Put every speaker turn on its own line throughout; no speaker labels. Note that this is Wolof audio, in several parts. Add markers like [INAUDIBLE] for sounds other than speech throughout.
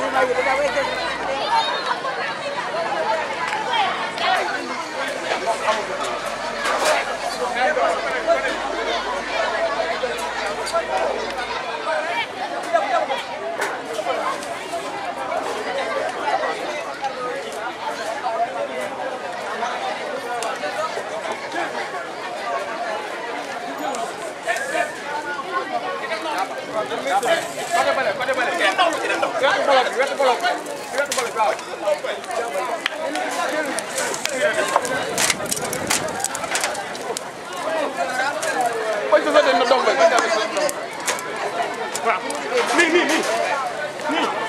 Gracias. bolok bi wetu bolok ci wetu bolok waaw
koy so so den na dong ba waaw nii nii nii nii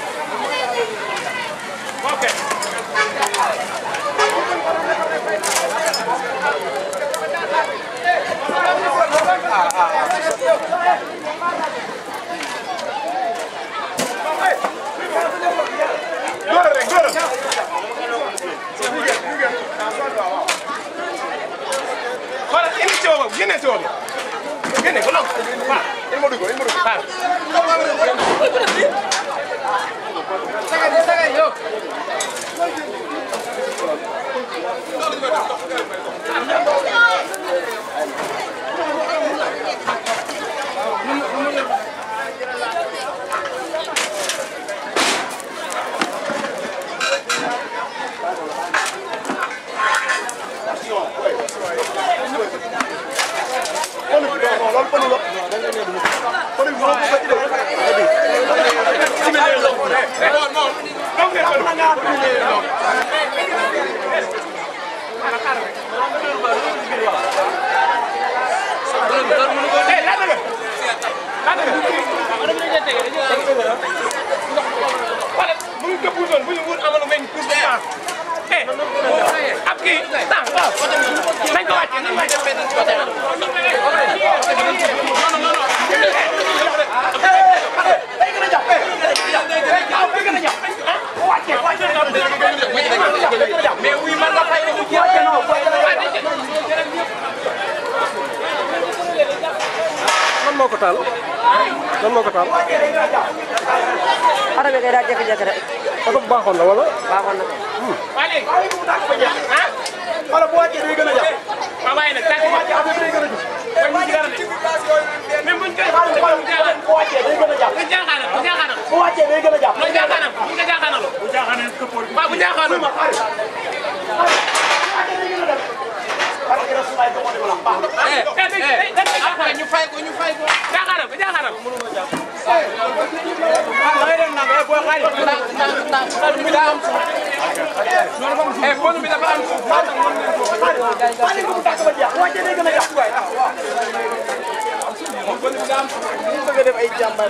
What do you want? Hey!
moo ko taal lan moo ko taal. oto
bi kay daal jékki-jékki rek. oto bu baaxoon la wala. baaxoon na. waa léegi. wala bu wàccee day gën a jàpp. waaw waaye nag tànk bi. bu wàccee affaire bi day gën a jàpp. bañ ci dara de même buñ koy xool bu wàccee day gën a jàpp. bu jaaxaanal bu jaaxaanal. bu wàccee day gën a jàpp. loolu jaaxaanal bu nga jaaxaanaloo. bu jaaxaanal këppoo bi. waaw bu jaaxaanal. ñu fay ko ñu fay ko. jaaxaanal bu jaaxaanal. bi dafa am suuf.
bëgg a def ay jàmbaar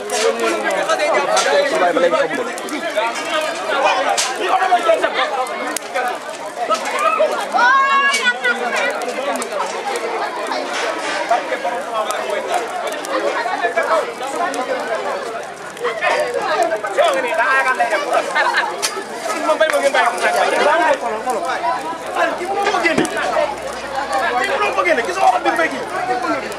Thank you.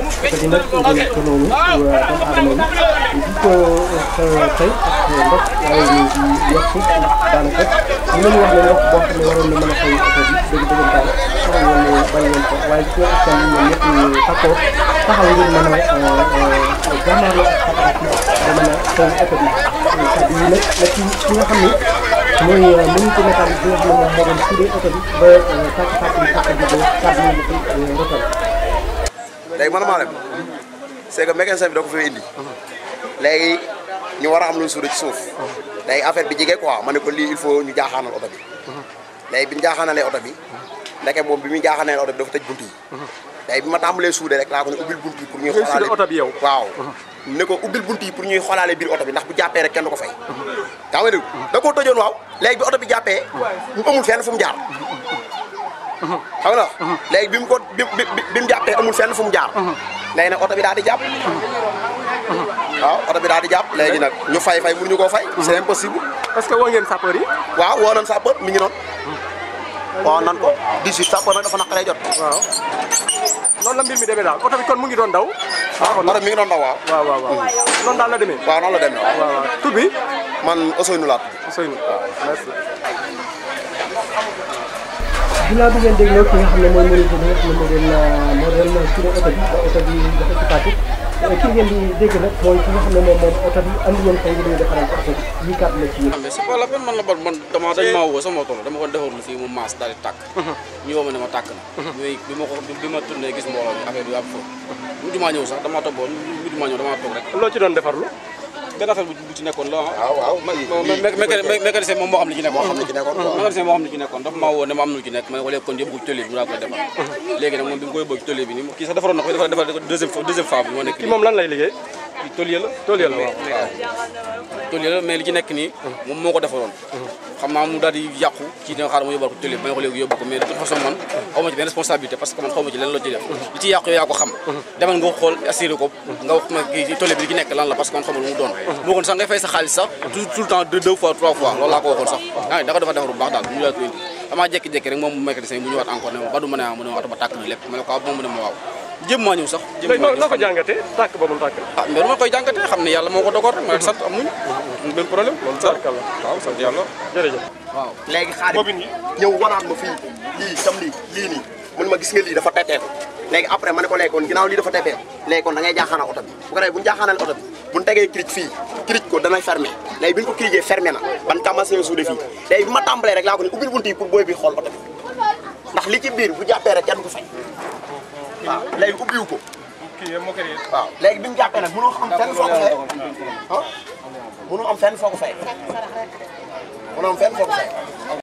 te nag ngeen ko noonu waa doomu aadama bi di ko tey ak ndox waaye ñu ngi yokku daanaka mën nañu wax ne ndox boo xam ne waroon na mën a xëy oto bi dëgg dëggantaan soxal ngeen ne bañ ngeen ko waaye ci askan bi ñoom ñëpp ñu takkoo taxaw ngeen mën a euh, euh, jàmmaarloo ak xabaar ba mën a xëy oto bi kàddu yi nag la ci ki nga xam ne mooy mënuñ ko nekkal bi nga xam ne moom moo doon tuddee oto bi ba euh, tàkk tàkk bi tàkk bi ba kàddu yi la koy rotal léegi man maa dem c'est que mécanicien bi da ko fi indi. léegi ñu war a am lu ñu suude ci suuf. léegi affaire bi jege quoi ma ne ko lii il faut ñu jaaxaanal oto bi. léegi bi ñu jaaxaanalee oto bi. ndeke moom bi muy jaaxaanalee oto bi dafa tëj bunt yi. léegi bi ma tàmbalee suude rek laa ko ne ubbil bunt yi pour ñuy xoolaale oto bi yow waaw. ne ko ubbil bunt yi pour ñuy xoolaale biir oto bi ndax bu jàppee rek kenn du ko fay. yaa ngi dégg da koo tëjoon waaw léegi bi oto bi jàppee mu amul fenn fu mu jaar. xam nga léegi bi ko bi bi mu jàppee amul fu mu jaar. léegi nag oto bi daal di jàpp. waaw oto bi daal di jàpp léegi nag ñu fay fay mënuñu koo fay. c'est impossible. est que woo ngeen sapeur yi. waaw woo nañ mi ngi noonu. waaw nan ko 18 sapeur nag dafa naqaree jot. waaw noonu la mbir mi demee daal oto bi kon mu ngi doon daw. waaw oto mi ngi doon daw waaw. waaw waaw waaw la demee. waaw noonu la demee waaw. man Ousseynou laa ginnaaw bi ngeen dégloo ki nga xam ne mooy moniteur bi nga xam ne moo doon moo doon tiré oto bi ba oto bi
man la bon man dama dañ maa woo dama ko defoon fii mu maas daal di tàkk. [LAUGHS] ñu woo ma ne ma tàkk na. mais bi ma gis mbooloo bi affaire bi am sax damaa toog ba mujj maa ñëw damaa toog rek. loo ci doon defarlu. benn affaire bu ci nekkoon la ah waaw mécanicien moo xam li ci moo xam li ci nekkoon dafa maa woo ne ma am lu ma ne ko léegi kon yëpp ko ci tëli bi mu daa koy defar léegi nag bi mu koy bëgg ci tëli bi nii kii defaroon na ko dafa defar moo nekk kii moom lan lay liggéey kii tëli la tëli la la mais li nekk nii moom moo ko defaroon xam naa daal di yàqu ci dina xaar mu yóbbu ko mais de façon man xaw ci benn responsabilité parce que man xaw ci lan la ci def mhm. mhm. mu doon daal bu ñu laa rek moom mécanicien bu ñu waat encore ne ma a ah, mu ne ma ne ko ah, moom mu ba mu tàkk ah ma koy jàngatee xam ne yàlla moo ko dogal ma mhm. sant amuñ amul benn problème loolu sax waaw sant yàlla jërëjëf
waaw léegi xaar ñëw wanaat ma fii lii tam lii lii nii mun ma gis nga lii dafa teteeku léegi après ma ne ko léegi kon ginnaaw lii dafa teteeku léegi kon da ngay jaaxaanal oto bi bu ko defee bu ñu oto bi bu ñu tegee cric fii cric ko danay fermé léegi bi ñu ko cricee na na ban tàmbalee suude fii léegi bi ma tàmbalee rek laa ko ne ubbil bunt yi booy bi xool oto bi ndax li ci biir bu jàppee rek kenn ko fay waaw léegi ubbiwu ko waaw léegi bi mu jàppee nag mënoo xam fenn
mënoo am fenn foko fay. mënoo am fenn foko fay.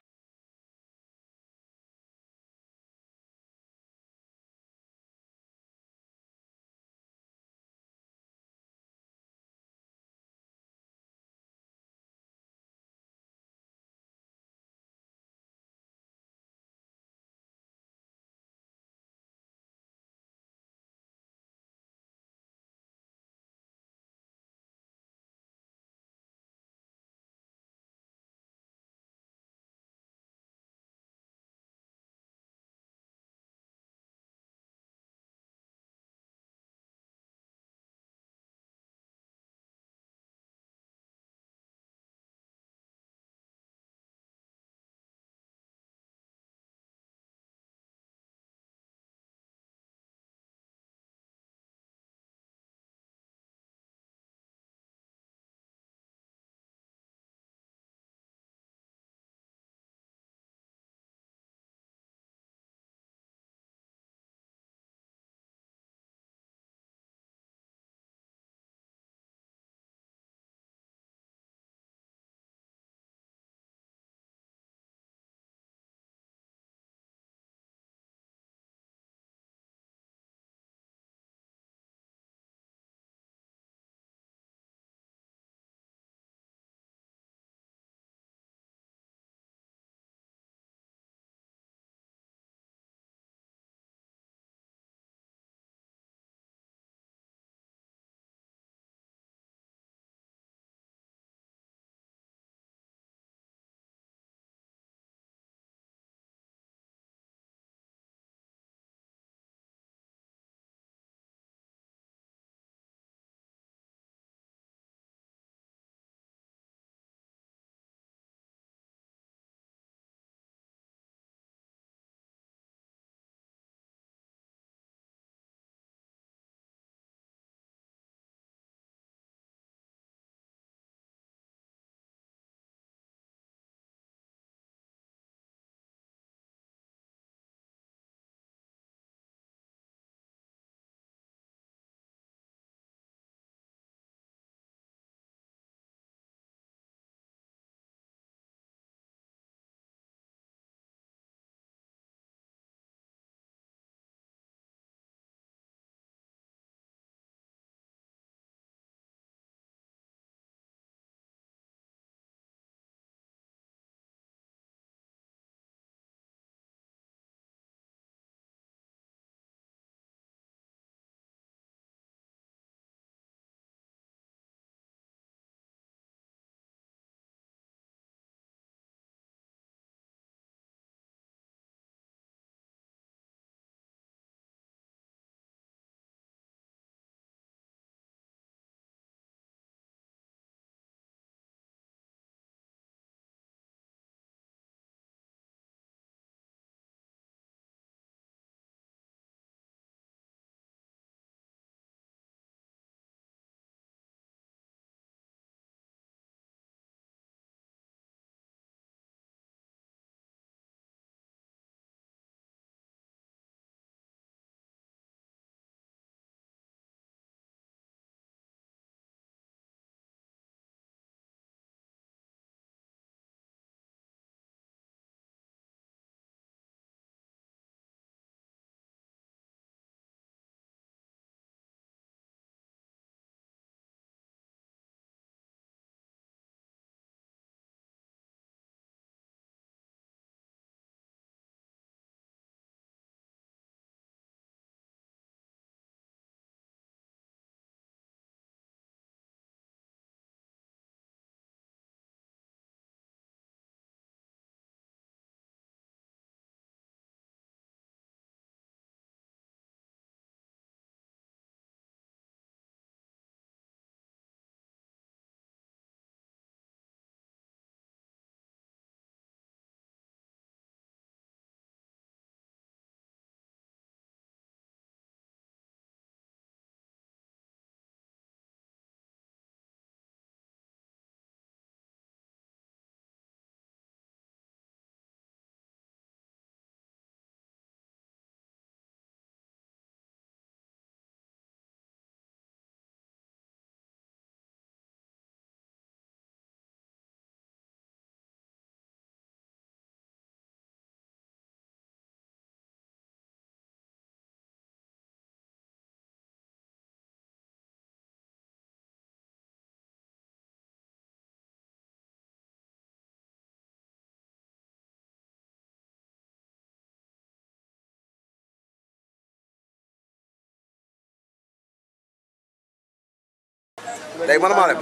léegi man maa dem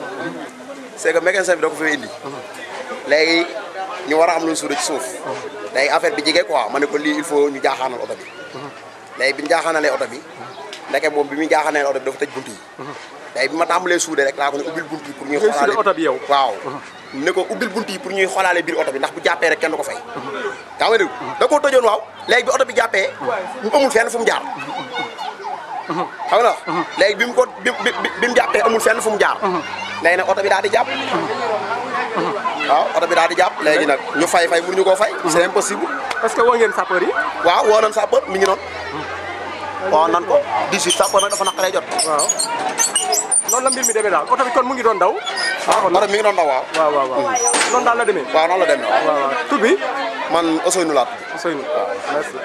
c'est que
mécanicien bi da ko indi léegi ñu war a am lu ñu ci suuf léegi affaire bi jege quoi ma ne ko lii il faut ñu jaaxaanal oto bi léegi bi ñu jaaxaanalee oto bi ndeke moom bi muy jaaxaanalee oto bi dafa tëj bunt yi léegi bi ma tàmbalee suude rek laa ko ne ubbil bunt pour ñuy xoolaale oto bi yow waaw ne ko ubbil bunt yi pour ñuy xoolaale biir oto bi ndax bu jàppee rek kenn du ko fay daa nga dégg da koo tëjoon waaw léegi bi oto bi jàppee mu amul fenn fu mu jaar xam nga léegi bi mu ko bi bi mu jàppee amul fenn fu mu jaar léegi nag oh bi daal di jàpp waaw oto bi daal di jàpp léegi ñu fay fay mënuñu koo fay c'est impossible est-ce que woo ngeen sapeur yi waaw woo nañ sapeur mi ngi noonu waaw nan ko 18 sapeur nag dafa naqaree jot waaw noonu la mbir mi demee daal oto bi kon mu ngi doon daw waaw ah, oto mi ngi doon daw waaw waaw waaw waaw hmm. noonu la demee waaw noonu la demee waaw tur bi man Ousseynou laa
Ousseynou waaw merci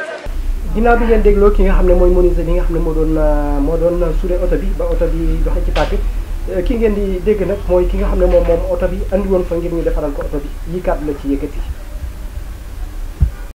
ginnaaw bi ngeen dégloo ki nga xam ne mooy menuisier bi nga xam ne moo doon euh, moo doon euh, soudé oto bi ba oto bi doxe ci pàkk euh, ki ngeen di dégg nag mooy ki nga xam ne moom moom oto bi andi woon fa ngir ñu defaral ko oto bi yii kàddu la ci yi